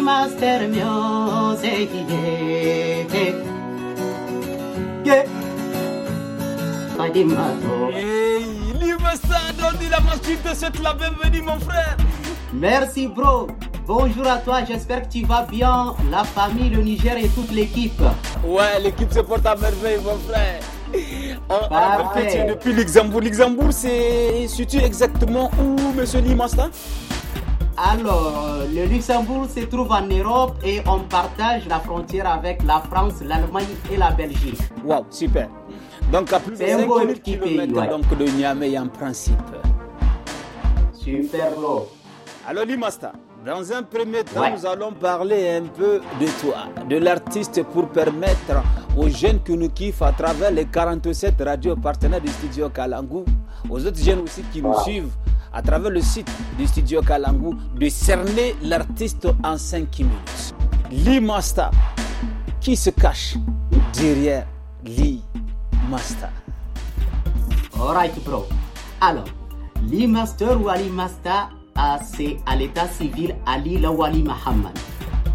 Hey, de la te la bienvenue mon frère Merci bro Bonjour à toi, j'espère que tu vas bien, la famille, le Niger et toute l'équipe. Ouais, l'équipe se porte à merveille, mon frère. Parfait. depuis Luxembourg. Luxembourg, c'est situé exactement où, monsieur Limasta hein? Alors, le Luxembourg se trouve en Europe et on partage la frontière avec la France, l'Allemagne et la Belgique. Wow, super. Donc, à plus de 5000 km donc, de Niamey en principe. Super Alors, Limasta, dans un premier temps, nous allons parler un peu de toi, de l'artiste, pour permettre aux jeunes que nous kiffent à travers les 47 radios partenaires du studio Kalangu, aux autres jeunes aussi qui nous suivent, à travers le site du studio Kalangu, de cerner l'artiste en 5 minutes. Lee master qui se cache derrière l'I-Master Alright, bro. Alors, Lee master ou Ali master ah, c'est à l'état civil Ali Lawali Mohammed.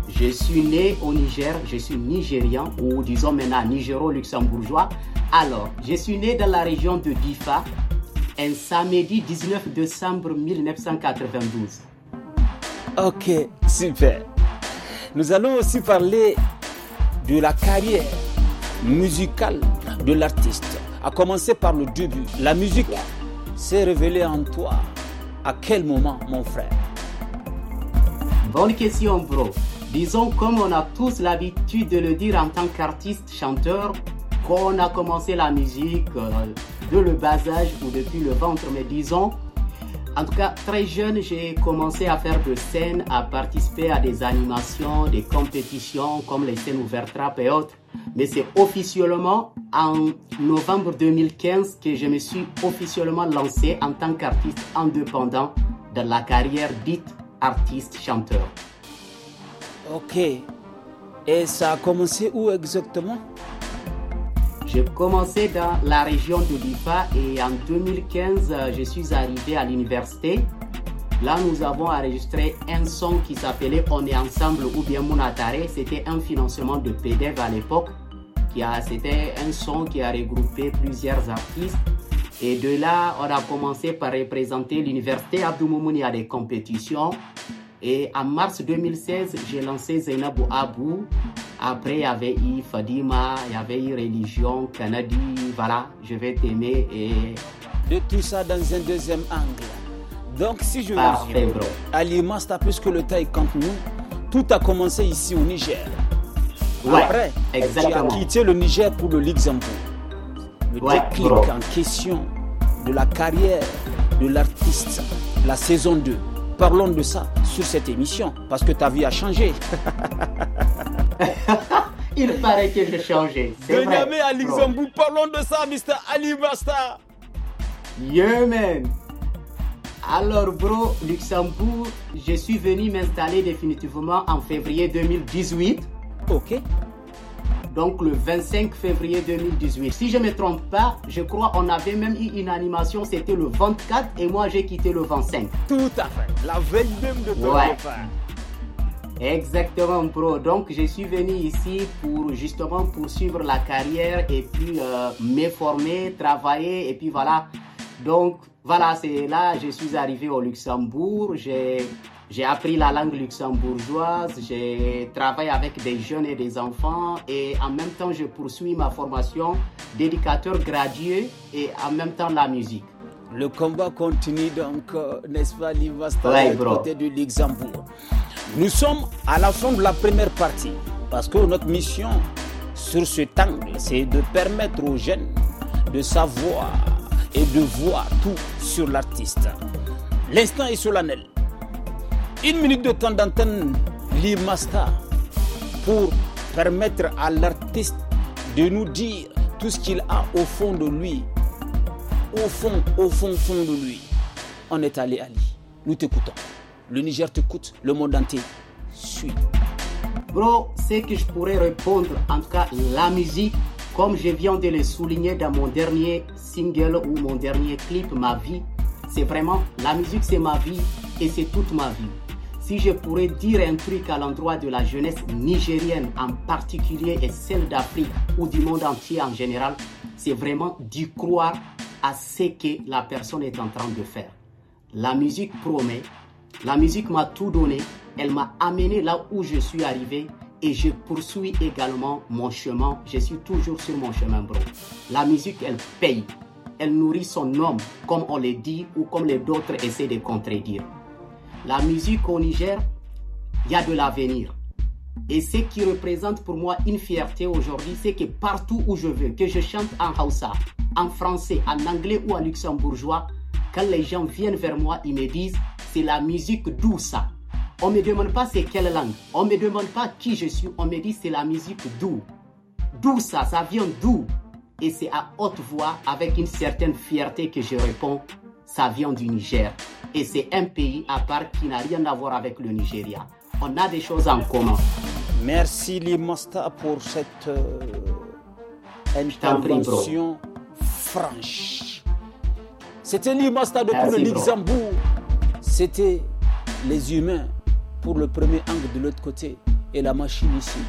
Je suis né au Niger, je suis nigérian ou disons maintenant nigéro-luxembourgeois. Alors, je suis né dans la région de Difa, un samedi 19 décembre 1992. Ok, super. Nous allons aussi parler de la carrière musicale de l'artiste. A commencer par le début. La musique s'est révélée en toi. À quel moment, mon frère Bonne question, bro. Disons, comme on a tous l'habitude de le dire en tant qu'artiste, chanteur, qu'on a commencé la musique. Euh, de le bas âge ou depuis le ventre, mais disons, en tout cas, très jeune, j'ai commencé à faire de scènes, à participer à des animations, des compétitions comme les scènes ouvertes et autres. Mais c'est officiellement en novembre 2015 que je me suis officiellement lancé en tant qu'artiste indépendant dans la carrière dite artiste-chanteur. Ok. Et ça a commencé où exactement j'ai commencé dans la région de Difa et en 2015, euh, je suis arrivé à l'université. Là, nous avons enregistré un son qui s'appelait On est ensemble ou bien Monatare. C'était un financement de PDEV à l'époque. C'était un son qui a regroupé plusieurs artistes. Et de là, on a commencé par représenter l'université Abdou Moumouni à des compétitions. Et en mars 2016, j'ai lancé Zainabou Abou après, il y avait eu Fadima, il y avait eu Religion, Canadi, voilà, je vais t'aimer et... De tout ça dans un deuxième angle. Donc si je Parfait, bro. Ali plus que le taille contre nous, tout a commencé ici au Niger. Après, exactement. tu as quitté le Niger pour le Luxembourg. Le en question de la carrière de l'artiste, la saison 2. Parlons de ça sur cette émission, parce que ta vie a changé. Il paraît que j'ai changé. Dynamé à Luxembourg, parlons de ça, Mr. Ali Basta. Yeah, man. Alors, bro, Luxembourg, je suis venu m'installer définitivement en février 2018. Ok. Donc, le 25 février 2018. Si je ne me trompe pas, je crois qu'on avait même eu une animation, c'était le 24 et moi j'ai quitté le 25. Tout à fait. La veille de ton Exactement, bro. Donc, je suis venu ici pour justement poursuivre la carrière et puis euh, m'éformer, me former, travailler et puis voilà. Donc, voilà, c'est là, je suis arrivé au Luxembourg. J'ai appris la langue luxembourgeoise, j'ai travaillé avec des jeunes et des enfants et en même temps, je poursuis ma formation d'éducateur gradué et en même temps la musique. Le combat continue donc, euh, n'est-ce pas, Livastar, du côté du Luxembourg. Nous sommes à la fin de la première partie parce que notre mission sur ce tangle c'est de permettre aux jeunes de savoir et de voir tout sur l'artiste. L'instant est solennel. Une minute de temps d'antenne, l'IMASTA, pour permettre à l'artiste de nous dire tout ce qu'il a au fond de lui. Au fond, au fond, fond de lui. On est allé, Ali. Nous t'écoutons. Le Niger coûte, le monde entier. Suis. Bro, c'est que je pourrais répondre, en tout cas, la musique, comme je viens de le souligner dans mon dernier single ou mon dernier clip, ma vie, c'est vraiment la musique, c'est ma vie et c'est toute ma vie. Si je pourrais dire un truc à l'endroit de la jeunesse nigérienne en particulier et celle d'Afrique ou du monde entier en général, c'est vraiment d'y croire à ce que la personne est en train de faire. La musique promet, la musique m'a tout donné, elle m'a amené là où je suis arrivé et je poursuis également mon chemin. Je suis toujours sur mon chemin, bro. La musique, elle paye. Elle nourrit son homme, comme on le dit ou comme les autres essaient de contredire. La musique au Niger, il y a de l'avenir. Et ce qui représente pour moi une fierté aujourd'hui, c'est que partout où je veux, que je chante en Hausa, en français, en anglais ou en luxembourgeois, quand les gens viennent vers moi, ils me disent c'est la musique douce. On me demande pas c'est quelle langue. On me demande pas qui je suis. On me dit c'est la musique douce. Douce, ça vient d'où Et c'est à haute voix, avec une certaine fierté que je réponds, ça vient du Niger. Et c'est un pays à part qui n'a rien à voir avec le Nigeria. On a des choses en commun. Merci Limosta pour cette euh, intervention franche. C'était Limosta depuis le Luxembourg. C'était les humains pour le premier angle de l'autre côté et la machine ici.